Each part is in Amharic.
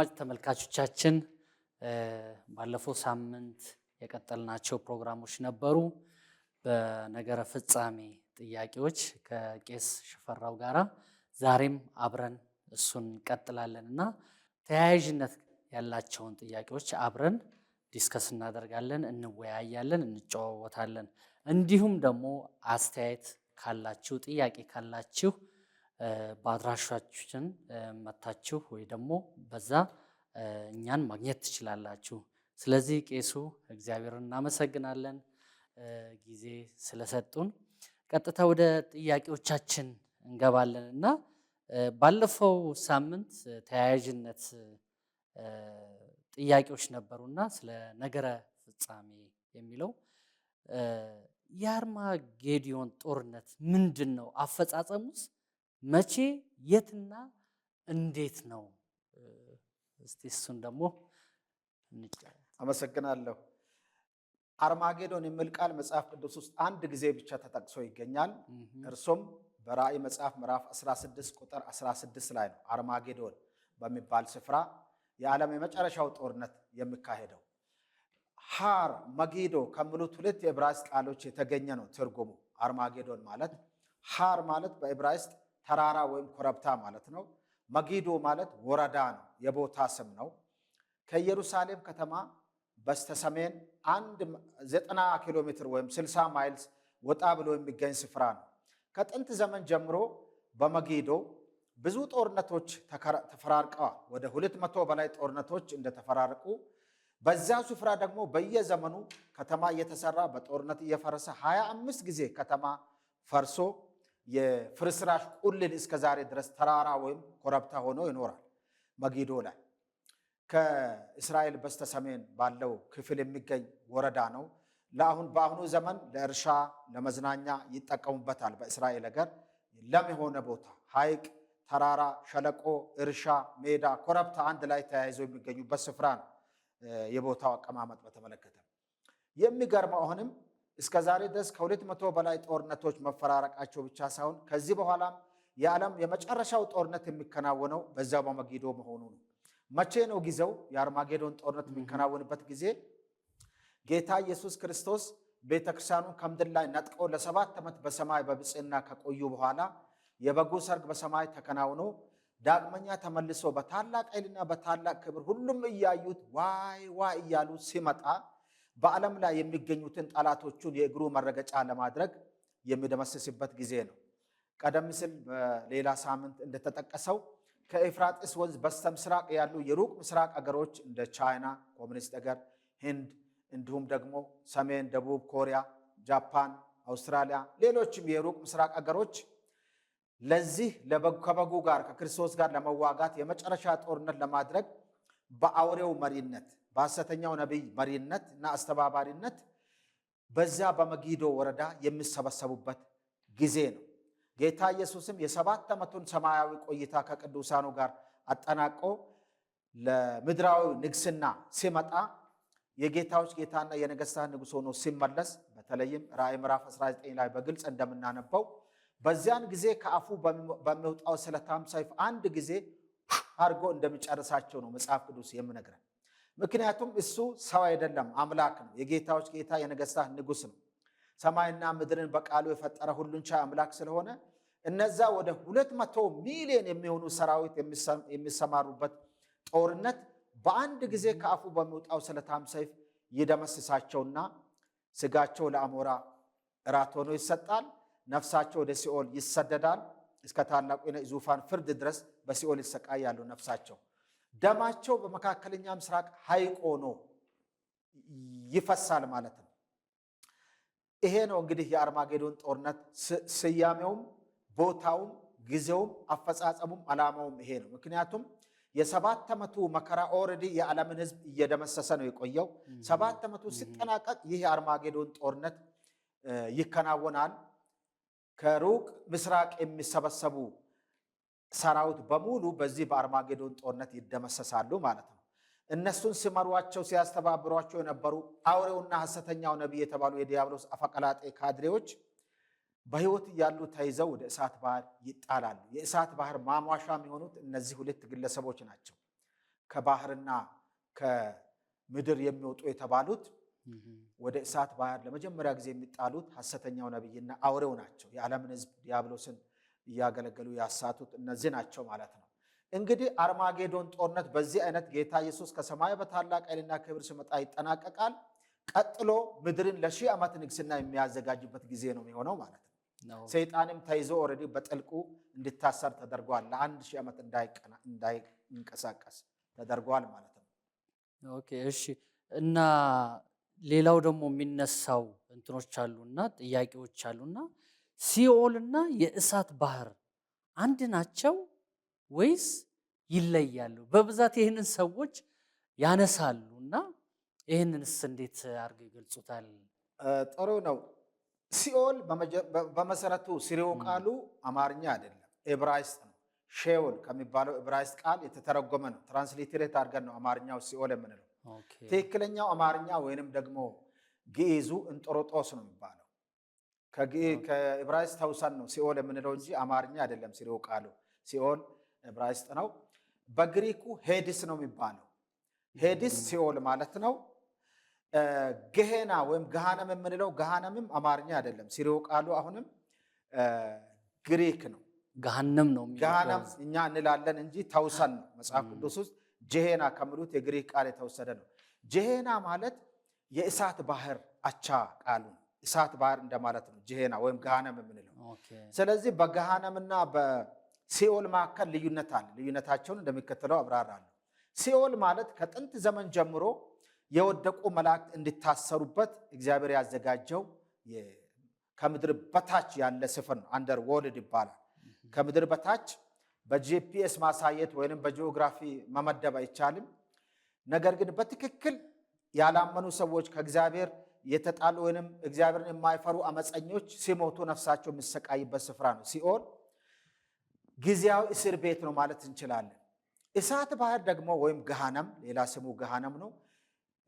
አድማጭ ተመልካቾቻችን ባለፈው ሳምንት የቀጠልናቸው ፕሮግራሞች ነበሩ። በነገረ ፍጻሜ ጥያቄዎች ከቄስ ሽፈራው ጋራ ዛሬም አብረን እሱን እንቀጥላለን እና ተያያዥነት ያላቸውን ጥያቄዎች አብረን ዲስከስ እናደርጋለን፣ እንወያያለን፣ እንጨዋወታለን። እንዲሁም ደግሞ አስተያየት ካላችሁ ጥያቄ ካላችሁ በአድራሻችን መታችሁ ወይ ደግሞ በዛ እኛን ማግኘት ትችላላችሁ። ስለዚህ ቄሱ እግዚአብሔርን እናመሰግናለን ጊዜ ስለሰጡን። ቀጥታ ወደ ጥያቄዎቻችን እንገባለን እና ባለፈው ሳምንት ተያያዥነት ጥያቄዎች ነበሩና ስለ ነገረ ፍጻሜ የሚለው የአርማጌዲዮን ጦርነት ምንድን ነው? አፈጻጸሙስ መቼ የትና እንዴት ነው? እስቲ እሱን ደግሞ አመሰግናለሁ። አርማጌዶን የሚል ቃል መጽሐፍ ቅዱስ ውስጥ አንድ ጊዜ ብቻ ተጠቅሶ ይገኛል። እርሱም በራእይ መጽሐፍ ምዕራፍ 16 ቁጥር 16 ላይ ነው። አርማጌዶን በሚባል ስፍራ የዓለም የመጨረሻው ጦርነት የሚካሄደው ሃር መጊዶ ከሚሉት ሁለት የዕብራይስጥ ቃሎች የተገኘ ነው ትርጉሙ። አርማጌዶን ማለት ሃር ማለት በዕብራይስጥ ተራራ ወይም ኮረብታ ማለት ነው። መጊዶ ማለት ወረዳ ነው፣ የቦታ ስም ነው። ከኢየሩሳሌም ከተማ በስተሰሜን አንድ ዘጠና ኪሎ ሜትር ወይም 60 ማይልስ ወጣ ብሎ የሚገኝ ስፍራ ነው። ከጥንት ዘመን ጀምሮ በመጊዶ ብዙ ጦርነቶች ተፈራርቀዋል። ወደ 200 መቶ በላይ ጦርነቶች እንደተፈራርቁ በዛ ስፍራ ደግሞ በየዘመኑ ከተማ እየተሰራ በጦርነት እየፈረሰ 25 ጊዜ ከተማ ፈርሶ የፍርስራሽ ቁልል እስከ ዛሬ ድረስ ተራራ ወይም ኮረብታ ሆኖ ይኖራል። መጊዶ ላይ ከእስራኤል በስተሰሜን ባለው ክፍል የሚገኝ ወረዳ ነው። ለአሁን በአሁኑ ዘመን ለእርሻ ለመዝናኛ ይጠቀሙበታል። በእስራኤል ሀገር ለም የሆነ ቦታ ሐይቅ፣ ተራራ፣ ሸለቆ፣ እርሻ፣ ሜዳ፣ ኮረብታ አንድ ላይ ተያይዘው የሚገኙበት ስፍራ ነው። የቦታው አቀማመጥ በተመለከተ የሚገርመው አሁንም እስከ ዛሬ ድረስ ከሁለት መቶ በላይ ጦርነቶች መፈራረቃቸው ብቻ ሳይሆን ከዚህ በኋላም የዓለም የመጨረሻው ጦርነት የሚከናወነው በዛው በመጊዶ መሆኑ ነው። መቼ ነው ጊዜው? የአርማጌዶን ጦርነት የሚከናወንበት ጊዜ ጌታ ኢየሱስ ክርስቶስ ቤተክርስቲያኑን ከምድር ላይ ነጥቆ ለሰባት ዓመት በሰማይ በብፅና ከቆዩ በኋላ የበጉ ሰርግ በሰማይ ተከናውኖ ዳግመኛ ተመልሶ በታላቅ ኃይልና በታላቅ ክብር ሁሉም እያዩት ዋይ ዋይ እያሉ ሲመጣ በዓለም ላይ የሚገኙትን ጠላቶቹን የእግሩ መረገጫ ለማድረግ የሚደመስስበት ጊዜ ነው። ቀደም ሲል በሌላ ሳምንት እንደተጠቀሰው ከኤፍራጥስ ወንዝ በስተምስራቅ ያሉ የሩቅ ምስራቅ አገሮች እንደ ቻይና ኮሚኒስት አገር፣ ህንድ፣ እንዲሁም ደግሞ ሰሜን፣ ደቡብ ኮሪያ፣ ጃፓን፣ አውስትራሊያ፣ ሌሎችም የሩቅ ምስራቅ አገሮች ለዚህ ከበጉ ጋር ከክርስቶስ ጋር ለመዋጋት የመጨረሻ ጦርነት ለማድረግ በአውሬው መሪነት በሐሰተኛው ነቢይ መሪነት እና አስተባባሪነት በዚያ በመጊዶ ወረዳ የሚሰበሰቡበት ጊዜ ነው። ጌታ ኢየሱስም የሰባት ዓመቱን ሰማያዊ ቆይታ ከቅዱሳኑ ጋር አጠናቆ ለምድራዊ ንግስና ሲመጣ የጌታዎች ጌታና የነገስታት ንጉሥ ሆኖ ሲመለስ በተለይም ራእይ ምዕራፍ 19 ላይ በግልጽ እንደምናነበው በዚያን ጊዜ ከአፉ በሚወጣው ስለታም ሰይፍ አንድ ጊዜ አድርጎ እንደሚጨርሳቸው ነው መጽሐፍ ቅዱስ የምነግረን። ምክንያቱም እሱ ሰው አይደለም፣ አምላክ ነው። የጌታዎች ጌታ የነገስታት ንጉስ ነው። ሰማይና ምድርን በቃሉ የፈጠረ ሁሉን ቻይ አምላክ ስለሆነ እነዛ ወደ ሁለት መቶ ሚሊዮን የሚሆኑ ሰራዊት የሚሰማሩበት ጦርነት በአንድ ጊዜ ከአፉ በሚወጣው ስለታም ሰይፍ ይደመስሳቸውና ስጋቸው ለአሞራ እራት ሆኖ ይሰጣል። ነፍሳቸው ወደ ሲኦል ይሰደዳል። እስከ ታላቁ ዙፋን ፍርድ ድረስ በሲኦል ይሰቃያሉ ነፍሳቸው ደማቸው በመካከለኛ ምስራቅ ሐይቅ ሆኖ ይፈሳል ማለት ነው። ይሄ ነው እንግዲህ የአርማጌዶን ጦርነት ስያሜውም፣ ቦታውም፣ ጊዜውም፣ አፈጻጸሙም ዓላማውም ይሄ ነው። ምክንያቱም የሰባት ዓመቱ መከራ ኦልሬዲ የዓለምን ሕዝብ እየደመሰሰ ነው የቆየው። ሰባት ዓመቱ ሲጠናቀቅ ይህ የአርማጌዶን ጦርነት ይከናወናል። ከሩቅ ምስራቅ የሚሰበሰቡ ሰራዊት በሙሉ በዚህ በአርማጌዶን ጦርነት ይደመሰሳሉ ማለት ነው። እነሱን ሲመሯቸው ሲያስተባብሯቸው የነበሩ አውሬውና ሐሰተኛው ነቢይ የተባሉ የዲያብሎስ አፈቀላጤ ካድሬዎች በሕይወት እያሉ ተይዘው ወደ እሳት ባህር ይጣላሉ። የእሳት ባህር ማሟሻ የሚሆኑት እነዚህ ሁለት ግለሰቦች ናቸው። ከባህርና ከምድር የሚወጡ የተባሉት ወደ እሳት ባህር ለመጀመሪያ ጊዜ የሚጣሉት ሐሰተኛው ነቢይና አውሬው ናቸው። የዓለምን ሕዝብ ዲያብሎስን እያገለገሉ ያሳቱት እነዚህ ናቸው ማለት ነው። እንግዲህ አርማጌዶን ጦርነት በዚህ አይነት ጌታ ኢየሱስ ከሰማይ በታላቅ ኃይልና ክብር ሲመጣ ይጠናቀቃል። ቀጥሎ ምድርን ለሺህ ዓመት ንግስና የሚያዘጋጅበት ጊዜ ነው የሚሆነው ማለት ነው። ሰይጣንም ተይዞ ኦልሬዲ በጥልቁ እንዲታሰር ተደርጓል። ለአንድ ሺህ ዓመት እንዳይንቀሳቀስ ተደርጓል ማለት ነው። ኦኬ እሺ። እና ሌላው ደግሞ የሚነሳው እንትኖች አሉና ጥያቄዎች አሉና ሲኦልና የእሳት ባህር አንድ ናቸው ወይስ ይለያሉ? በብዛት ይህንን ሰዎች ያነሳሉ እና ይህንንስ እንዴት አድርገው ይገልጹታል? ጥሩ ነው። ሲኦል በመሰረቱ ስሬው ቃሉ አማርኛ አይደለም፣ ኤብራይስጥ ነው። ሼውል ከሚባለው ኤብራይስጥ ቃል የተተረጎመ ነው። ትራንስሌትሬት አድርገን ነው አማርኛው ሲኦል የምንለው። ትክክለኛው አማርኛ ወይንም ደግሞ ግዕዙ እንጦሮጦስ ነው የሚባለው። ከዕብራይስጥ ተውሳን ነው ሲኦል የምንለው እንጂ አማርኛ አይደለም። ሲሪው ቃሉ ሲኦል ዕብራይስጥ ነው። በግሪኩ ሄዲስ ነው የሚባለው። ሄዲስ ሲኦል ማለት ነው። ገሄና ወይም ገሃነም የምንለው ገሃነምም አማርኛ አይደለም። ሲሪው ቃሉ አሁንም ግሪክ ነው። ገሃነም ነው ገሃነም እኛ እንላለን እንጂ ተውሰን ነው። መጽሐፍ ቅዱስ ውስጥ ጀሄና ከሚሉት የግሪክ ቃል የተወሰደ ነው። ጀሄና ማለት የእሳት ባህር አቻ ቃሉ ነው። እሳት ባህር እንደማለት ነው። ጅሄና ወይም ገሃነም የምንለው። ስለዚህ በገሃነምና በሲኦል መካከል ልዩነት አለ። ልዩነታቸውን እንደሚከተለው አብራራለሁ። ሲኦል ማለት ከጥንት ዘመን ጀምሮ የወደቁ መላእክት እንዲታሰሩበት እግዚአብሔር ያዘጋጀው ከምድር በታች ያለ ስፍር ነው። አንደር ወርልድ ይባላል። ከምድር በታች በጂፒኤስ ማሳየት ወይም በጂኦግራፊ መመደብ አይቻልም። ነገር ግን በትክክል ያላመኑ ሰዎች ከእግዚአብሔር የተጣሉ ወይንም እግዚአብሔርን የማይፈሩ አመፀኞች ሲሞቱ ነፍሳቸው የሚሰቃይበት ስፍራ ነው። ሲኦል ጊዜያዊ እስር ቤት ነው ማለት እንችላለን። እሳት ባህር ደግሞ ወይም ገሃነም፣ ሌላ ስሙ ገሃነም ነው።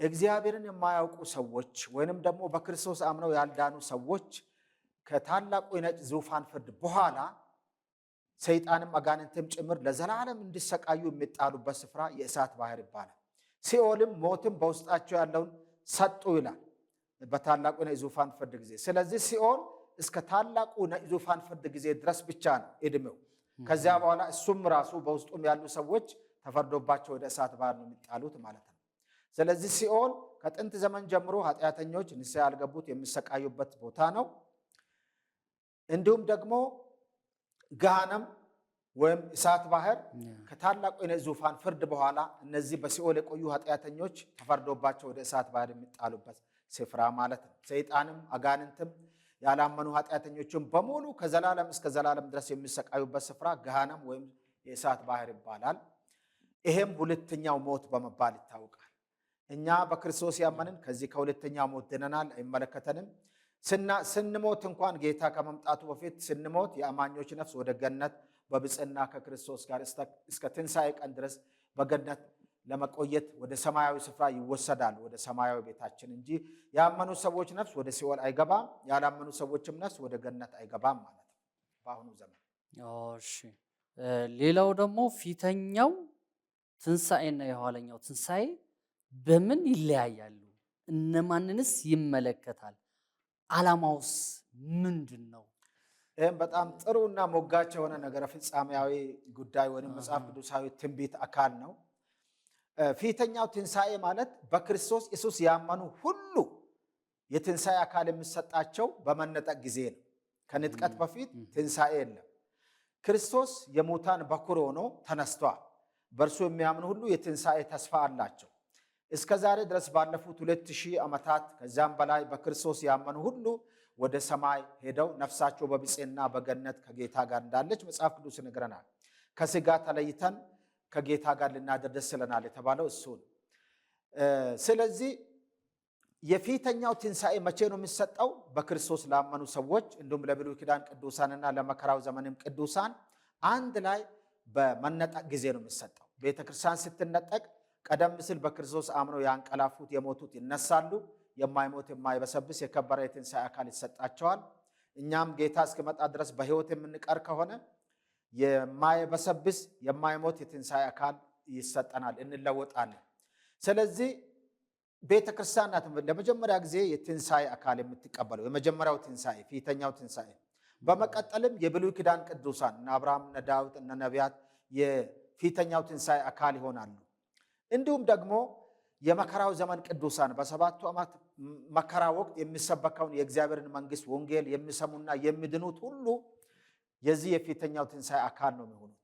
እግዚአብሔርን የማያውቁ ሰዎች ወይንም ደግሞ በክርስቶስ አምነው ያልዳኑ ሰዎች ከታላቁ የነጭ ዙፋን ፍርድ በኋላ ሰይጣንም አጋንንትም ጭምር ለዘላለም እንዲሰቃዩ የሚጣሉበት ስፍራ የእሳት ባህር ይባላል። ሲኦልም ሞትም በውስጣቸው ያለውን ሰጡ ይላል። በታላቁ ዙፋን ፍርድ ጊዜ። ስለዚህ ሲኦል እስከ ታላቁ ዙፋን ፍርድ ጊዜ ድረስ ብቻ ነው እድሜው። ከዚያ በኋላ እሱም ራሱ በውስጡም ያሉ ሰዎች ተፈርዶባቸው ወደ እሳት ባህር ነው የሚጣሉት ማለት ነው። ስለዚህ ሲኦል ከጥንት ዘመን ጀምሮ ኃጢአተኞች ንስሐ ያልገቡት የሚሰቃዩበት ቦታ ነው። እንዲሁም ደግሞ ገሃነም ወይም እሳት ባህር ከታላቁ ዙፋን ፍርድ በኋላ እነዚህ በሲኦል የቆዩ ኃጢአተኞች ተፈርዶባቸው ወደ እሳት ባህር የሚጣሉበት ስፍራ ማለት ነው። ሰይጣንም አጋንንትም ያላመኑ ኃጢአተኞችም በሙሉ ከዘላለም እስከ ዘላለም ድረስ የሚሰቃዩበት ስፍራ ገሃነም ወይም የእሳት ባህር ይባላል። ይሄም ሁለተኛው ሞት በመባል ይታወቃል። እኛ በክርስቶስ ያመንን ከዚህ ከሁለተኛው ሞት ድነናል፣ አይመለከተንም። ስንሞት እንኳን ጌታ ከመምጣቱ በፊት ስንሞት የአማኞች ነፍስ ወደ ገነት በብፅና ከክርስቶስ ጋር እስከ ትንሣኤ ቀን ድረስ በገነት ለመቆየት ወደ ሰማያዊ ስፍራ ይወሰዳል፣ ወደ ሰማያዊ ቤታችን እንጂ ያመኑ ሰዎች ነፍስ ወደ ሲኦል አይገባም፣ ያላመኑ ሰዎችም ነፍስ ወደ ገነት አይገባም ማለት ነው በአሁኑ ዘመን። እሺ ሌላው ደግሞ ፊተኛው ትንሣኤና የኋለኛው ትንሣኤ በምን ይለያያሉ? እነማንንስ ይመለከታል? ዓላማውስ ምንድን ነው? ይህም በጣም ጥሩ እና ሞጋች የሆነ ነገረ ፍጻሜያዊ ጉዳይ ወይም መጽሐፍ ቅዱሳዊ ትንቢት አካል ነው። ፊተኛው ትንሣኤ ማለት በክርስቶስ ኢየሱስ ያመኑ ሁሉ የትንሣኤ አካል የሚሰጣቸው በመነጠቅ ጊዜ ነው። ከንጥቀት በፊት ትንሣኤ የለም። ክርስቶስ የሙታን በኩር ሆኖ ተነስቷል። በእርሱ የሚያምኑ ሁሉ የትንሣኤ ተስፋ አላቸው። እስከ ዛሬ ድረስ ባለፉት ሁለት ሺህ ዓመታት ከዚያም በላይ በክርስቶስ ያመኑ ሁሉ ወደ ሰማይ ሄደው ነፍሳቸው በብፅዕና በገነት ከጌታ ጋር እንዳለች መጽሐፍ ቅዱስ ይነግረናል። ከስጋ ተለይተን ከጌታ ጋር ልናደር ደስ ይለናል የተባለው እሱ ነው። ስለዚህ የፊተኛው ትንሣኤ መቼ ነው የሚሰጠው? በክርስቶስ ላመኑ ሰዎች እንዲሁም ለብሉይ ኪዳን ቅዱሳንና ለመከራው ዘመንም ቅዱሳን አንድ ላይ በመነጠቅ ጊዜ ነው የሚሰጠው። ቤተ ክርስቲያን ስትነጠቅ ቀደም ሲል በክርስቶስ አምነው ያንቀላፉት የሞቱት ይነሳሉ። የማይሞት የማይበሰብስ የከበረ የትንሣኤ አካል ይሰጣቸዋል። እኛም ጌታ እስኪመጣ ድረስ በሕይወት የምንቀር ከሆነ የማይበሰብስ የማይሞት የትንሣኤ አካል ይሰጠናል፣ እንለወጣለን። ስለዚህ ቤተ ክርስቲያን ናት ለመጀመሪያ ጊዜ የትንሣኤ አካል የምትቀበለው የመጀመሪያው ትንሣኤ ፊተኛው ትንሣኤ። በመቀጠልም የብሉይ ኪዳን ቅዱሳን እነ አብርሃም እነ ዳዊት እነ ነቢያት የፊተኛው ትንሣኤ አካል ይሆናሉ። እንዲሁም ደግሞ የመከራው ዘመን ቅዱሳን በሰባቱ ዓመት መከራ ወቅት የሚሰበከውን የእግዚአብሔርን መንግሥት ወንጌል የሚሰሙና የሚድኑት ሁሉ የዚህ የፊተኛው ትንሣኤ አካል ነው የሚሆኑት።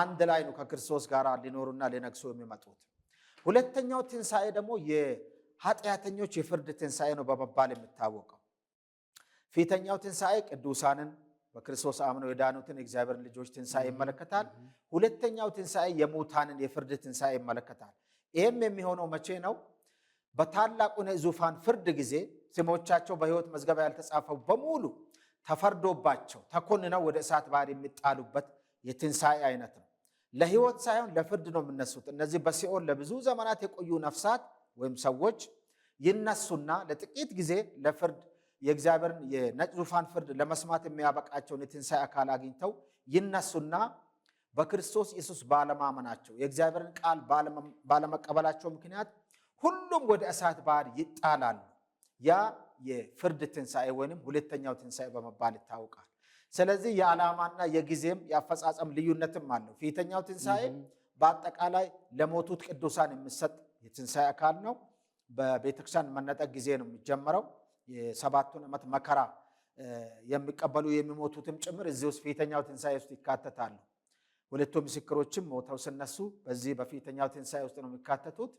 አንድ ላይ ነው ከክርስቶስ ጋር ሊኖሩና ሊነግሱ የሚመጡት። ሁለተኛው ትንሣኤ ደግሞ የኃጢአተኞች የፍርድ ትንሣኤ ነው በመባል የሚታወቀው። ፊተኛው ትንሣኤ ቅዱሳንን በክርስቶስ አምነው የዳኑትን እግዚአብሔር ልጆች ትንሣኤ ይመለከታል። ሁለተኛው ትንሣኤ የሙታንን የፍርድ ትንሣኤ ይመለከታል። ይህም የሚሆነው መቼ ነው? በታላቁ ዙፋን ፍርድ ጊዜ ስሞቻቸው በሕይወት መዝገባ ያልተጻፈው በሙሉ ተፈርዶባቸው ተኮንነው ወደ እሳት ባህር የሚጣሉበት የትንሣኤ አይነት ነው። ለህይወት ሳይሆን ለፍርድ ነው የምነሱት እነዚህ በሲኦል ለብዙ ዘመናት የቆዩ ነፍሳት ወይም ሰዎች ይነሱና ለጥቂት ጊዜ ለፍርድ የእግዚአብሔርን የነጭ ዙፋን ፍርድ ለመስማት የሚያበቃቸውን የትንሣኤ አካል አግኝተው ይነሱና በክርስቶስ ኢየሱስ ባለማመናቸው የእግዚአብሔርን ቃል ባለመቀበላቸው ምክንያት ሁሉም ወደ እሳት ባህር ይጣላሉ ያ የፍርድ ትንሣኤ ወይም ሁለተኛው ትንሣኤ በመባል ይታወቃል። ስለዚህ የዓላማና የጊዜም የአፈጻጸም ልዩነትም አለው። ፊተኛው ትንሣኤ በአጠቃላይ ለሞቱት ቅዱሳን የሚሰጥ የትንሣኤ አካል ነው። በቤተክርስቲያን መነጠቅ ጊዜ ነው የሚጀመረው። የሰባቱን ዓመት መከራ የሚቀበሉ የሚሞቱትም ጭምር እዚህ ውስጥ ፊተኛው ትንሣኤ ውስጥ ይካተታሉ። ሁለቱ ምስክሮችም ሞተው ስነሱ በዚህ በፊተኛው ትንሣኤ ውስጥ ነው የሚካተቱት።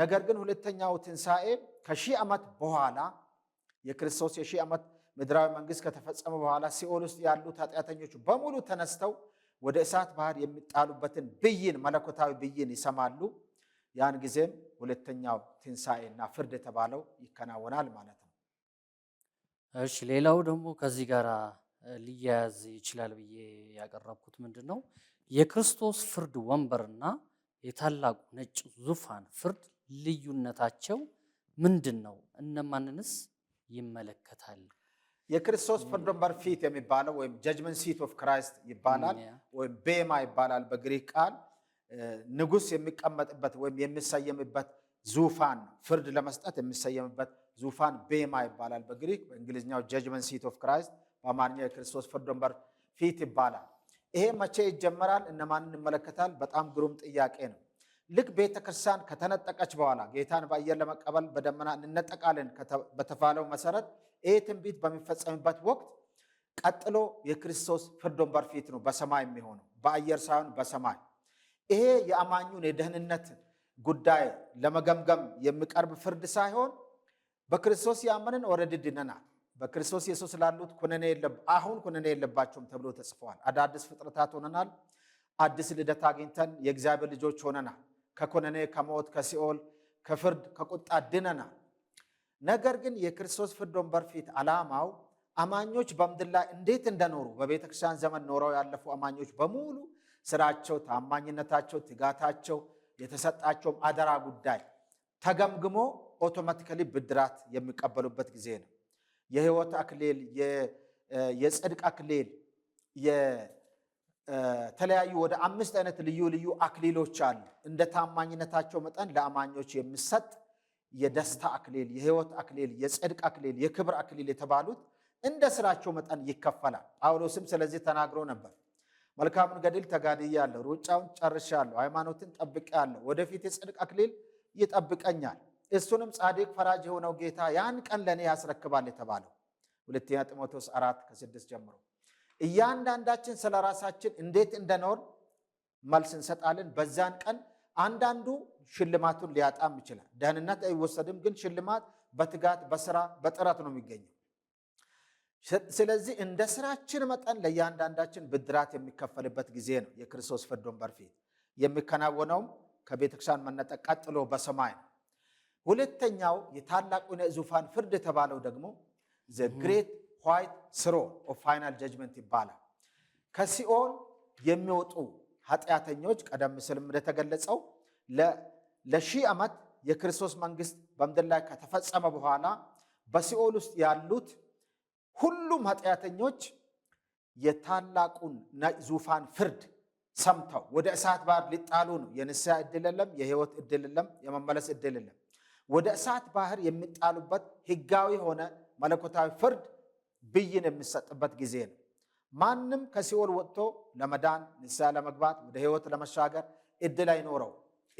ነገር ግን ሁለተኛው ትንሣኤ ከሺህ ዓመት በኋላ የክርስቶስ የሺህ ዓመት ምድራዊ መንግሥት ከተፈጸመ በኋላ ሲኦል ውስጥ ያሉት ኃጢአተኞች በሙሉ ተነስተው ወደ እሳት ባህር የሚጣሉበትን ብይን መለኮታዊ ብይን ይሰማሉ። ያን ጊዜም ሁለተኛው ትንሣኤና ፍርድ የተባለው ይከናወናል ማለት ነው። እሺ፣ ሌላው ደግሞ ከዚህ ጋር ሊያያዝ ይችላል ብዬ ያቀረብኩት ምንድን ነው የክርስቶስ ፍርድ ወንበርና የታላቁ ነጭ ዙፋን ፍርድ ልዩነታቸው ምንድን ነው? እነማንንስ ይመለከታል። የክርስቶስ ፍርድ ወንበር ፊት የሚባለው ወይም ጀጅመንት ሲት ኦፍ ክራይስት ይባላል፣ ወይም ቤማ ይባላል በግሪክ ቃል። ንጉሥ የሚቀመጥበት ወይም የሚሰየምበት ዙፋን፣ ፍርድ ለመስጠት የሚሰየምበት ዙፋን ቤማ ይባላል በግሪክ። በእንግሊዝኛው ጀጅመንት ሲት ኦፍ ክራይስት፣ በአማርኛ የክርስቶስ ፍርድ ወንበር ፊት ይባላል። ይሄ መቼ ይጀመራል? እነማንን ይመለከታል? በጣም ግሩም ጥያቄ ነው። ልክ ቤተ ክርስቲያን ከተነጠቀች በኋላ ጌታን በአየር ለመቀበል በደመና እንነጠቃለን በተባለው መሰረት ይህ ትንቢት በሚፈጸምበት ወቅት ቀጥሎ የክርስቶስ ፍርድ ወንበር ፊት ነው በሰማይ የሚሆነው በአየር ሳይሆን በሰማይ። ይሄ የአማኙን የደህንነት ጉዳይ ለመገምገም የሚቀርብ ፍርድ ሳይሆን በክርስቶስ ያመንን ወረድ ድነናል፣ በክርስቶስ ኢየሱስ ላሉት አሁን ኩነኔ የለባቸውም ተብሎ ተጽፈዋል። አዳዲስ ፍጥረታት ሆነናል። አዲስ ልደት አግኝተን የእግዚአብሔር ልጆች ሆነናል። ከኮነኔ፣ ከሞት፣ ከሲኦል፣ ከፍርድ፣ ከቁጣ ድነናል። ነገር ግን የክርስቶስ ፍርድ ወንበር ፊት ዓላማው አማኞች በምድር ላይ እንዴት እንደኖሩ በቤተ ክርስቲያን ዘመን ኖረው ያለፉ አማኞች በሙሉ ስራቸው፣ ታማኝነታቸው፣ ትጋታቸው፣ የተሰጣቸውም አደራ ጉዳይ ተገምግሞ ኦቶማቲካሊ ብድራት የሚቀበሉበት ጊዜ ነው። የህይወት አክሊል፣ የጽድቅ አክሊል ተለያዩ ወደ አምስት አይነት ልዩ ልዩ አክሊሎች አሉ። እንደ ታማኝነታቸው መጠን ለአማኞች የሚሰጥ የደስታ አክሊል፣ የህይወት አክሊል፣ የጽድቅ አክሊል፣ የክብር አክሊል የተባሉት እንደ ስራቸው መጠን ይከፈላል። ጳውሎስም ስለዚህ ተናግሮ ነበር። መልካሙን ገድል ተጋድያለሁ፣ ሩጫውን ጨርሻለሁ፣ ሃይማኖትን ጠብቄአለሁ፣ ወደፊት የጽድቅ አክሊል ይጠብቀኛል፣ እሱንም ጻድቅ ፈራጅ የሆነው ጌታ ያን ቀን ለእኔ ያስረክባል የተባለው ሁለተኛ ጢሞቴዎስ አራት ከስድስት ጀምሮ እያንዳንዳችን ስለ ራሳችን እንዴት እንደኖር መልስ እንሰጣለን። በዛን ቀን አንዳንዱ ሽልማቱን ሊያጣም ይችላል። ደህንነት አይወሰድም፣ ግን ሽልማት በትጋት በስራ በጥረት ነው የሚገኘው። ስለዚህ እንደ ስራችን መጠን ለእያንዳንዳችን ብድራት የሚከፈልበት ጊዜ ነው። የክርስቶስ ፍርድ ወንበር ፊት የሚከናወነውም ከቤተክርስቲያን መነጠቅ ቀጥሎ በሰማይ ነው። ሁለተኛው የታላቁ ዙፋን ፍርድ የተባለው ደግሞ ዘግሬት ኳይት ስሮን ኦፍ ፋይናል ጀጅመንት ይባላል። ከሲኦን የሚወጡ ኃጢአተኞች ቀደም ሲልም እንደተገለጸው ለሺህ ዓመት የክርስቶስ መንግስት በምድር ላይ ከተፈጸመ በኋላ በሲኦል ውስጥ ያሉት ሁሉም ኃጢአተኞች የታላቁን ዙፋን ፍርድ ሰምተው ወደ እሳት ባህር ሊጣሉ ነው። የንስሐ እድል የለም፣ የህይወት እድል የለም፣ የመመለስ እድል የለም። ወደ እሳት ባህር የሚጣሉበት ህጋዊ የሆነ መለኮታዊ ፍርድ ብይን የሚሰጥበት ጊዜ ነው። ማንም ከሲኦል ወጥቶ ለመዳን ንስሐ ለመግባት ወደ ህይወት ለመሻገር እድል አይኖረው።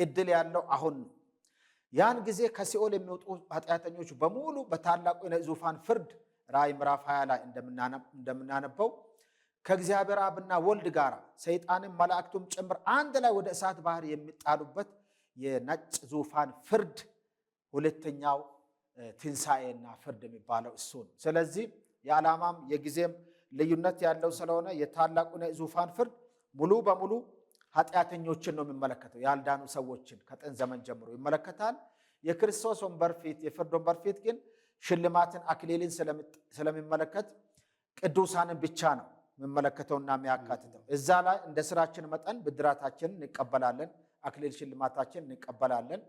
እድል ያለው አሁን ነው። ያን ጊዜ ከሲኦል የሚወጡ ኃጢአተኞች በሙሉ በታላቁ ዙፋን ፍርድ ራእይ ምዕራፍ 20 ላይ እንደምናነበው ከእግዚአብሔር አብና ወልድ ጋር ሰይጣንም መላእክቱም ጭምር አንድ ላይ ወደ እሳት ባህር የሚጣሉበት የነጭ ዙፋን ፍርድ ሁለተኛው ትንሣኤና ፍርድ የሚባለው እሱ ነው። ስለዚህ የዓላማም የጊዜም ልዩነት ያለው ስለሆነ የታላቁን ዙፋን ፍርድ ሙሉ በሙሉ ኃጢአተኞችን ነው የሚመለከተው። ያልዳኑ ሰዎችን ከጥንት ዘመን ጀምሮ ይመለከታል። የክርስቶስ ወንበር ፊት የፍርድ ወንበር ፊት ግን ሽልማትን አክሊልን ስለሚመለከት ቅዱሳንን ብቻ ነው የሚመለከተውና የሚያካትተው። እዛ ላይ እንደ ስራችን መጠን ብድራታችንን እንቀበላለን፣ አክሊል ሽልማታችን እንቀበላለን።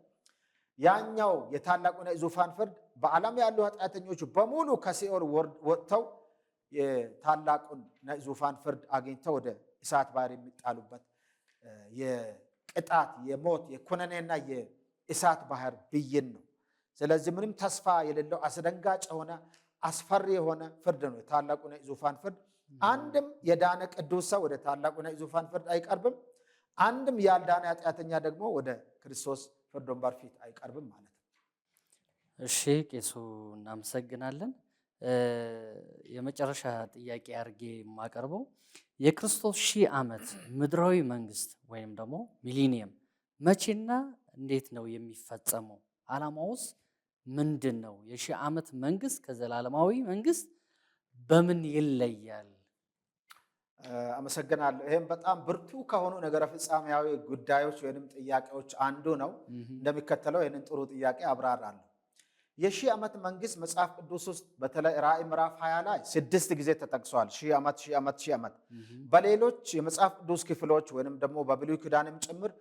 ያኛው የታላቁና ዙፋን ፍርድ በዓለም ያሉ ኃጢአተኞች በሙሉ ከሲኦል ወጥተው የታላቁን ዙፋን ፍርድ አግኝተው ወደ እሳት ባህር የሚጣሉበት የቅጣት የሞት የኮነኔና የእሳት ባህር ብይን ነው። ስለዚህ ምንም ተስፋ የሌለው አስደንጋጭ የሆነ አስፈሪ የሆነ ፍርድ ነው የታላቁና ዙፋን ፍርድ። አንድም የዳነ ቅዱስ ሰው ወደ ታላቁና ዙፋን ፍርድ አይቀርብም። አንድም ያልዳነ ኃጢአተኛ ደግሞ ወደ ክርስቶስ ፍርድ ወንበር ፊት አይቀርብም ማለት ነው። እሺ ቄሱ እናመሰግናለን። የመጨረሻ ጥያቄ አድርጌ የማቀርበው የክርስቶስ ሺህ ዓመት ምድራዊ መንግስት ወይም ደግሞ ሚሊኒየም መቼና እንዴት ነው የሚፈጸመው? ዓላማውስ ምንድን ነው? የሺህ ዓመት መንግስት ከዘላለማዊ መንግስት በምን ይለያል? አመሰግናለሁ። ይህም በጣም ብርቱ ከሆኑ ነገረ ፍጻሜያዊ ጉዳዮች ወይም ጥያቄዎች አንዱ ነው። እንደሚከተለው ይህንን ጥሩ ጥያቄ አብራራለሁ። የሺህ ዓመት መንግስት መጽሐፍ ቅዱስ ውስጥ በተለይ ራእይ ምዕራፍ 20 ላይ ስድስት ጊዜ ተጠቅሷል። ሺህ ዓመት ሺህ ዓመት ሺህ ዓመት በሌሎች የመጽሐፍ ቅዱስ ክፍሎች ወይም ደግሞ በብሉይ ኪዳንም ጭምር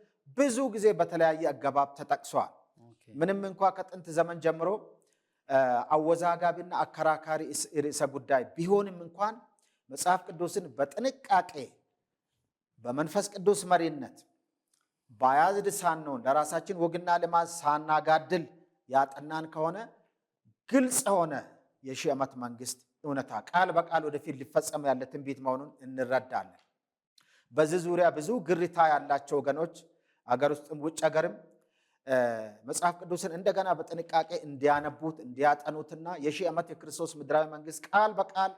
ብዙ ጊዜ በተለያየ አገባብ ተጠቅሷል። ምንም እንኳ ከጥንት ዘመን ጀምሮ አወዛጋቢና አከራካሪ ርዕሰ ጉዳይ ቢሆንም እንኳን መጽሐፍ ቅዱስን በጥንቃቄ በመንፈስ ቅዱስ መሪነት ባያዝድ ሳንሆን ለራሳችን ወግና ልማድ ሳናጋድል ያጠናን ከሆነ ግልጽ የሆነ የሺህ ዓመት መንግስት እውነታ ቃል በቃል ወደፊት ሊፈጸም ያለ ትንቢት መሆኑን እንረዳለን። በዚህ ዙሪያ ብዙ ግሪታ ያላቸው ወገኖች አገር ውስጥም ውጭ አገርም መጽሐፍ ቅዱስን እንደገና በጥንቃቄ እንዲያነቡት እንዲያጠኑትና የሺህ ዓመት የክርስቶስ ምድራዊ መንግስት ቃል በቃል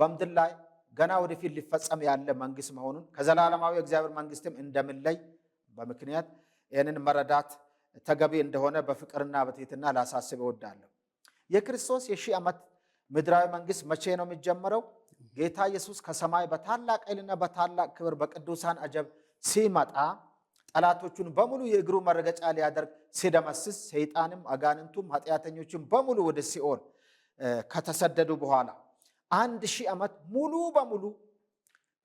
በምድር ላይ ገና ወደፊት ሊፈጸም ያለ መንግስት መሆኑን ከዘላለማዊ እግዚአብሔር መንግስትም እንደምንለይ በምክንያት ይህንን መረዳት ተገቢ እንደሆነ በፍቅርና በትህትና ላሳስብ እወዳለሁ። የክርስቶስ የሺህ ዓመት ምድራዊ መንግስት መቼ ነው የሚጀምረው? ጌታ ኢየሱስ ከሰማይ በታላቅ ኃይልና በታላቅ ክብር በቅዱሳን አጀብ ሲመጣ ጠላቶቹን በሙሉ የእግሩ መረገጫ ሊያደርግ ሲደመስስ፣ ሰይጣንም አጋንንቱም ኃጢአተኞችም በሙሉ ወደ ሲኦል ከተሰደዱ በኋላ አንድ ሺህ ዓመት ሙሉ በሙሉ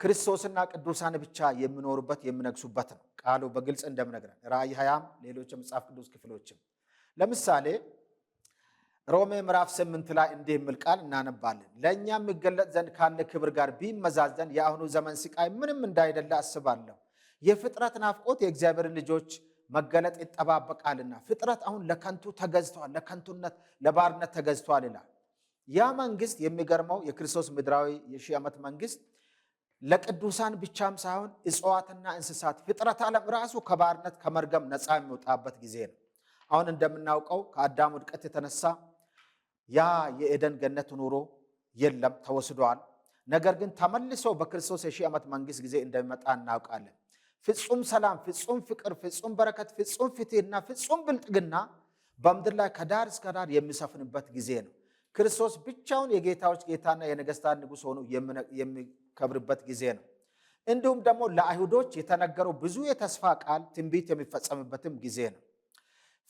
ክርስቶስና ቅዱሳን ብቻ የሚኖሩበት የሚነግሱበት ነው። ቃሉ በግልጽ እንደምነግረን ራእይ ሀያም ሌሎች የመጽሐፍ ቅዱስ ክፍሎችም ለምሳሌ ሮሜ ምዕራፍ ስምንት ላይ እንዲህ የሚል ቃል እናነባለን። ለእኛ የሚገለጥ ዘንድ ካለ ክብር ጋር ቢመዛዘን የአሁኑ ዘመን ስቃይ ምንም እንዳይደለ አስባለሁ። የፍጥረት ናፍቆት የእግዚአብሔር ልጆች መገለጥ ይጠባበቃልና፣ ፍጥረት አሁን ለከንቱ ተገዝተዋል፣ ለከንቱነት ለባርነት ተገዝተዋል ይላል። ያ መንግስት የሚገርመው የክርስቶስ ምድራዊ የሺህ ዓመት መንግስት ለቅዱሳን ብቻም ሳይሆን እጽዋትና እንስሳት ፍጥረት ዓለም ራሱ ከባርነት ከመርገም ነፃ የሚወጣበት ጊዜ ነው። አሁን እንደምናውቀው ከአዳም ውድቀት የተነሳ ያ የኤደን ገነት ኑሮ የለም ተወስዷል። ነገር ግን ተመልሶ በክርስቶስ የሺህ ዓመት መንግስት ጊዜ እንደሚመጣ እናውቃለን። ፍጹም ሰላም፣ ፍጹም ፍቅር፣ ፍጹም በረከት፣ ፍጹም ፍትህና ፍጹም ብልጥግና በምድር ላይ ከዳር እስከ ዳር የሚሰፍንበት ጊዜ ነው። ክርስቶስ ብቻውን የጌታዎች ጌታና የነገስታት ንጉሥ ሆኖ የሚከብርበት ጊዜ ነው። እንዲሁም ደግሞ ለአይሁዶች የተነገረው ብዙ የተስፋ ቃል ትንቢት የሚፈጸምበትም ጊዜ ነው።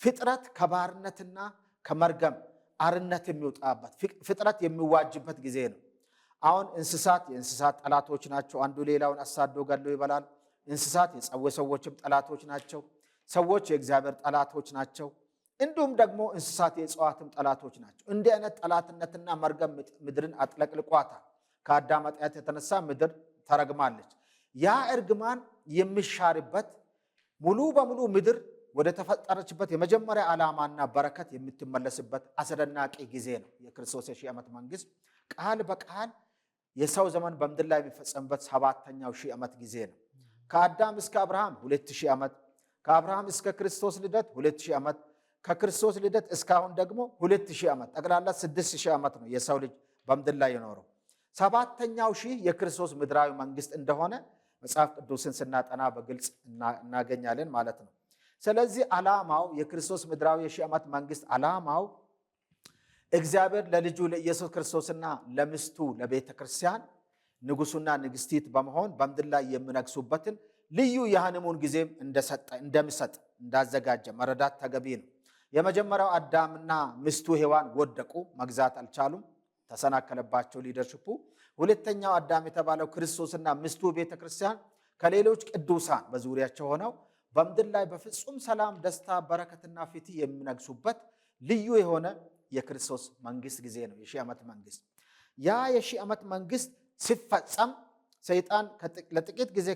ፍጥረት ከባርነትና ከመርገም አርነት የሚወጣበት ፍጥረት የሚዋጅበት ጊዜ ነው። አሁን እንስሳት የእንስሳት ጠላቶች ናቸው። አንዱ ሌላውን አሳዶ ገሎ ይበላል። እንስሳት የጸዌ ሰዎችም ጠላቶች ናቸው። ሰዎች የእግዚአብሔር ጠላቶች ናቸው። እንዲሁም ደግሞ እንስሳት የእጽዋትም ጠላቶች ናቸው። እንዲህ አይነት ጠላትነትና መርገም ምድርን አጥለቅልቋታል። ከአዳም ኃጢአት የተነሳ ምድር ተረግማለች። ያ እርግማን የሚሻርበት ሙሉ በሙሉ ምድር ወደ ተፈጠረችበት የመጀመሪያ ዓላማና በረከት የምትመለስበት አስደናቂ ጊዜ ነው። የክርስቶስ የሺህ ዓመት መንግስት ቃል በቃል የሰው ዘመን በምድር ላይ የሚፈጸምበት ሰባተኛው ሺህ ዓመት ጊዜ ነው። ከአዳም እስከ አብርሃም ሁለት ሺህ ዓመት፣ ከአብርሃም እስከ ክርስቶስ ልደት ሁለት ሺህ ዓመት ከክርስቶስ ልደት እስካሁን ደግሞ ሁለት ዓመት ጠቅላላ 6000 ዓመት ነው የሰው ልጅ በምድር ላይ የኖረው። ሰባተኛው ሺህ የክርስቶስ ምድራዊ መንግስት እንደሆነ መጽሐፍ ቅዱስን ስናጠና በግልጽ እናገኛለን ማለት ነው። ስለዚህ ዓላማው የክርስቶስ ምድራዊ የሺህ ዓመት መንግስት ዓላማው እግዚአብሔር ለልጁ ለኢየሱስ ክርስቶስና ለምስቱ ለቤተ ክርስቲያን ንጉሱና ንግስቲት በመሆን በምድር ላይ የሚነግሱበትን ልዩ የህንሙን ጊዜም እንደሰጠ እንደሚሰጥ እንዳዘጋጀ መረዳት ተገቢ ነው። የመጀመሪያው አዳምና ሚስቱ ሔዋን ወደቁ፣ መግዛት አልቻሉም፣ ተሰናከለባቸው ሊደርሽፑ። ሁለተኛው አዳም የተባለው ክርስቶስና ሚስቱ ቤተ ክርስቲያን ከሌሎች ቅዱሳን በዙሪያቸው ሆነው በምድር ላይ በፍጹም ሰላም፣ ደስታ፣ በረከትና ፊት የሚነግሱበት ልዩ የሆነ የክርስቶስ መንግስት ጊዜ ነው፣ የሺህ ዓመት መንግስት። ያ የሺህ ዓመት መንግስት ሲፈጸም ሰይጣን ለጥቂት ጊዜ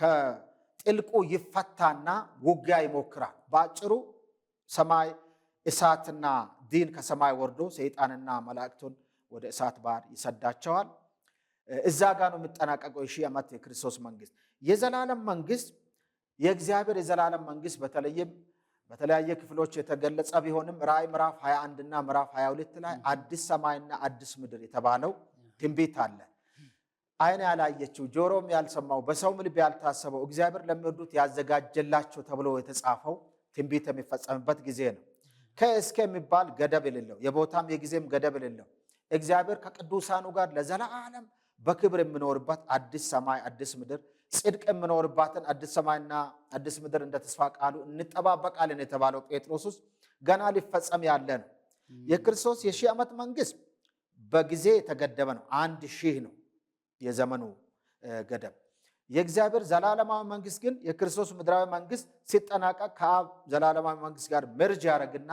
ከጥልቁ ይፈታና ውጊያ ይሞክራል። በአጭሩ ሰማይ እሳትና ዲን ከሰማይ ወርዶ ሰይጣንና መላእክቱን ወደ እሳት ባህር ይሰዳቸዋል። እዛ ጋ ነው የሚጠናቀቀው የሺህ ዓመት የክርስቶስ መንግስት። የዘላለም መንግስት የእግዚአብሔር የዘላለም መንግስት በተለይም በተለያየ ክፍሎች የተገለጸ ቢሆንም ራእይ ምዕራፍ 21 እና ምዕራፍ 22 ላይ አዲስ ሰማይና አዲስ ምድር የተባለው ትንቢት አለ። አይን ያላየችው ጆሮም ያልሰማው በሰውም ልብ ያልታሰበው እግዚአብሔር ለሚወዱት ያዘጋጀላቸው ተብሎ የተጻፈው ትንቢት የሚፈጸምበት ጊዜ ነው። ከእስከ የሚባል ገደብ የሌለው የቦታም የጊዜም ገደብ የሌለው እግዚአብሔር ከቅዱሳኑ ጋር ለዘላለም በክብር የምኖርበት አዲስ ሰማይ አዲስ ምድር ጽድቅ የምኖርባትን አዲስ ሰማይና አዲስ ምድር እንደ ተስፋ ቃሉ እንጠባበቃለን የተባለው ጴጥሮስ ውስጥ ገና ሊፈጸም ያለ ነው። የክርስቶስ የሺህ ዓመት መንግስት በጊዜ የተገደበ ነው። አንድ ሺህ ነው የዘመኑ ገደብ። የእግዚአብሔር ዘላለማዊ መንግስት ግን የክርስቶስ ምድራዊ መንግስት ሲጠናቀቅ ከአብ ዘላለማዊ መንግስት ጋር መርጅ ያደረግና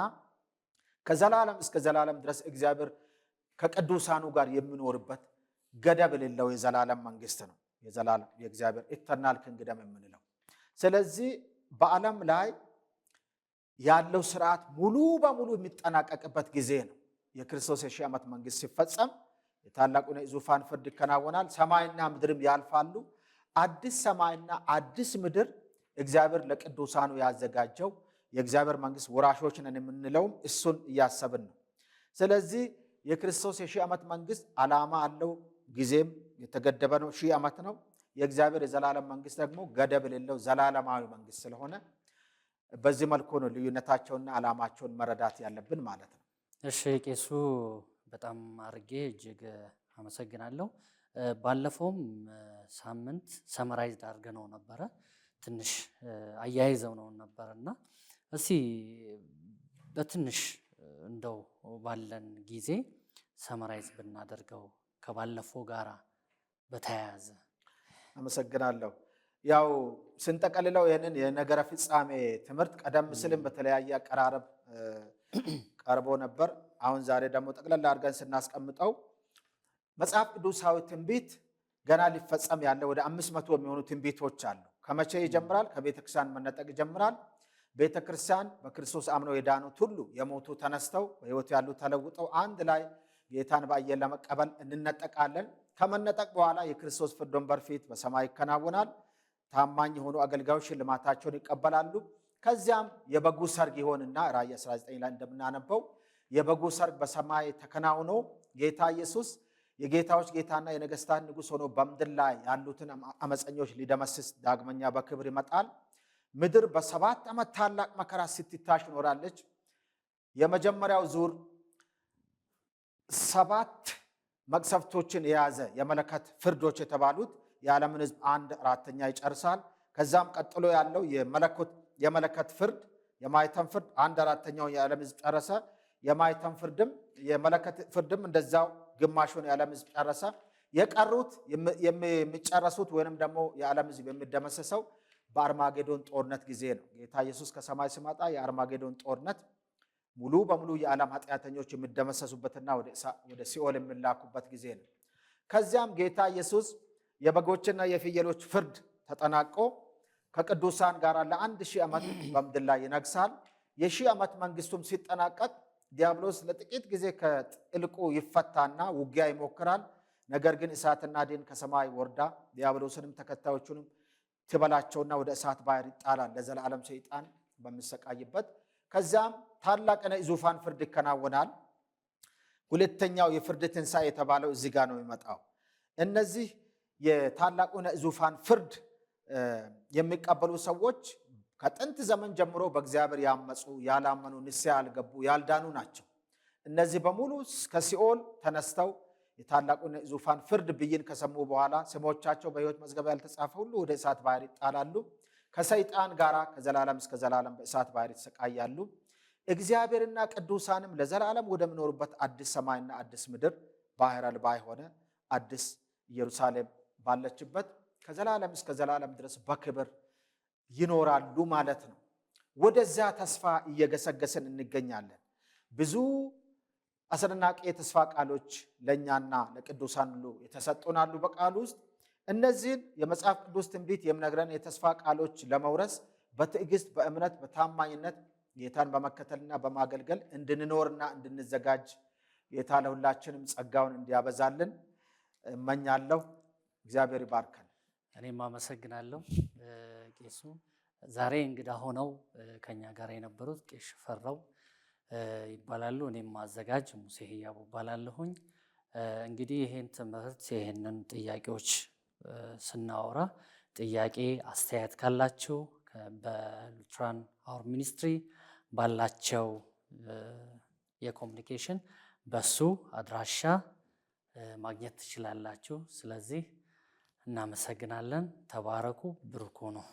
ከዘላለም እስከ ዘላለም ድረስ እግዚአብሔር ከቅዱሳኑ ጋር የሚኖርበት ገደብ የሌለው የዘላለም መንግስት ነው። የዘላለም የእግዚአብሔር ኢተርናል ክንግደም የምንለው። ስለዚህ በዓለም ላይ ያለው ስርዓት ሙሉ በሙሉ የሚጠናቀቅበት ጊዜ ነው። የክርስቶስ የሺህ ዓመት መንግስት ሲፈጸም የታላቁ ዙፋን ፍርድ ይከናወናል። ሰማይና ምድርም ያልፋሉ። አዲስ ሰማይና አዲስ ምድር እግዚአብሔር ለቅዱሳኑ ያዘጋጀው የእግዚአብሔር መንግስት ወራሾች ነን የምንለውም እሱን እያሰብን ነው። ስለዚህ የክርስቶስ የሺህ ዓመት መንግስት ዓላማ አለው። ጊዜም የተገደበ ነው፣ ሺህ ዓመት ነው። የእግዚአብሔር የዘላለም መንግስት ደግሞ ገደብ የሌለው ዘላለማዊ መንግስት ስለሆነ በዚህ መልኩ ነው ልዩነታቸውና ዓላማቸውን መረዳት ያለብን ማለት ነው። እሺ ቄሱ፣ በጣም አርጌ እጅግ አመሰግናለሁ። ባለፈውም ሳምንት ሰመራይዝድ ነው ነበረ ትንሽ አያይዘው ነው ነበረ እና እስቲ በትንሽ እንደው ባለን ጊዜ ሰመራይዝ ብናደርገው ከባለፈው ጋራ በተያያዘ አመሰግናለሁ። ያው ስንጠቀልለው ይህንን የነገረ ፍጻሜ ትምህርት ቀደም ስልም በተለያየ አቀራረብ ቀርቦ ነበር። አሁን ዛሬ ደግሞ ጠቅለላ አድርገን ስናስቀምጠው መጽሐፍ ቅዱሳዊ ትንቢት ገና ሊፈጸም ያለ ወደ አምስት መቶ የሚሆኑ ትንቢቶች አሉ። ከመቼ ይጀምራል? ከቤተክርስቲያን መነጠቅ ይጀምራል። ቤተክርስቲያን በክርስቶስ አምነው የዳኑት ሁሉ የሞቱ ተነስተው፣ በሕይወት ያሉ ተለውጠው አንድ ላይ ጌታን በአየር ለመቀበል እንነጠቃለን። ከመነጠቅ በኋላ የክርስቶስ ፍርድ ወንበር ፊት በሰማይ ይከናወናል። ታማኝ የሆኑ አገልጋዮች ሽልማታቸውን ይቀበላሉ። ከዚያም የበጉ ሰርግ ይሆንና ራእይ 19 ላይ እንደምናነበው የበጉ ሰርግ በሰማይ ተከናውኖ ጌታ ኢየሱስ የጌታዎች ጌታና የነገስታት ንጉሥ ሆኖ በምድር ላይ ያሉትን አመፀኞች ሊደመስስ ዳግመኛ በክብር ይመጣል። ምድር በሰባት ዓመት ታላቅ መከራ ስትታሽ ኖራለች። የመጀመሪያው ዙር ሰባት መቅሰፍቶችን የያዘ የመለከት ፍርዶች የተባሉት የዓለምን ሕዝብ አንድ አራተኛ ይጨርሳል። ከዛም ቀጥሎ ያለው የመለከት ፍርድ የማይተም ፍርድ አንድ አራተኛውን የዓለም ሕዝብ ጨረሰ። የማይተም ፍርድም የመለከት ፍርድም እንደዛው ግማሹን የዓለም ህዝብ ጨረሰ። የቀሩት የሚጨረሱት ወይንም ደግሞ የዓለም ህዝብ የሚደመሰሰው በአርማጌዶን ጦርነት ጊዜ ነው። ጌታ ኢየሱስ ከሰማይ ሲመጣ የአርማጌዶን ጦርነት ሙሉ በሙሉ የዓለም ኃጢአተኞች የሚደመሰሱበትና ወደ ሲኦል የሚላኩበት ጊዜ ነው። ከዚያም ጌታ ኢየሱስ የበጎችና የፍየሎች ፍርድ ተጠናቆ ከቅዱሳን ጋር ለአንድ ሺህ ዓመት በምድር ላይ ይነግሳል። የሺህ ዓመት መንግስቱም ሲጠናቀቅ ዲያብሎስ ለጥቂት ጊዜ ከጥልቁ ይፈታና ውጊያ ይሞክራል። ነገር ግን እሳትና ዲን ከሰማይ ወርዳ ዲያብሎስንም ተከታዮቹንም ትበላቸውና ወደ እሳት ባህር ይጣላል ለዘላለም ሰይጣን በሚሰቃይበት። ከዚያም ታላቅ ዙፋን ፍርድ ይከናወናል። ሁለተኛው የፍርድ ትንሣኤ የተባለው እዚህ ጋር ነው የሚመጣው። እነዚህ የታላቁ ዙፋን ፍርድ የሚቀበሉ ሰዎች ከጥንት ዘመን ጀምሮ በእግዚአብሔር ያመፁ፣ ያላመኑ፣ ንስሐ ያልገቡ፣ ያልዳኑ ናቸው። እነዚህ በሙሉ ከሲኦል ተነስተው የታላቁን ዙፋን ፍርድ ብይን ከሰሙ በኋላ ስሞቻቸው በሕይወት መዝገብ ያልተጻፈ ሁሉ ወደ እሳት ባህር ይጣላሉ። ከሰይጣን ጋር ከዘላለም እስከ ዘላለም በእሳት ባህር ይሰቃያሉ። እግዚአብሔርና ቅዱሳንም ለዘላለም ወደሚኖሩበት አዲስ ሰማይና አዲስ ምድር ባህር አልባ የሆነ አዲስ ኢየሩሳሌም ባለችበት ከዘላለም እስከ ዘላለም ድረስ በክብር ይኖራሉ ማለት ነው። ወደዚያ ተስፋ እየገሰገስን እንገኛለን። ብዙ አስደናቂ የተስፋ ቃሎች ለእኛና ለቅዱሳን ሁሉ የተሰጡናሉ በቃሉ ውስጥ እነዚህን የመጽሐፍ ቅዱስ ትንቢት የምነግረን የተስፋ ቃሎች ለመውረስ በትዕግስት በእምነት በታማኝነት ጌታን በመከተልና በማገልገል እንድንኖርና እንድንዘጋጅ ጌታ ለሁላችንም ጸጋውን እንዲያበዛልን እመኛለሁ። እግዚአብሔር ይባርከን። እኔም አመሰግናለሁ ቄሱ። ዛሬ እንግዳ ሆነው ከኛ ጋር የነበሩት ቄስ ሽፈራው ይባላሉ። እኔም አዘጋጅ ሙሴ ህያቡ ይባላለሁኝ። እንግዲህ ይህን ትምህርት ይህንን ጥያቄዎች ስናወራ ጥያቄ አስተያየት ካላችሁ በሉትራን አወር ሚኒስትሪ ባላቸው የኮሚኒኬሽን በሱ አድራሻ ማግኘት ትችላላችሁ። ስለዚህ እናመሰግናለን። ተባረኩ። ብርኩ ነው።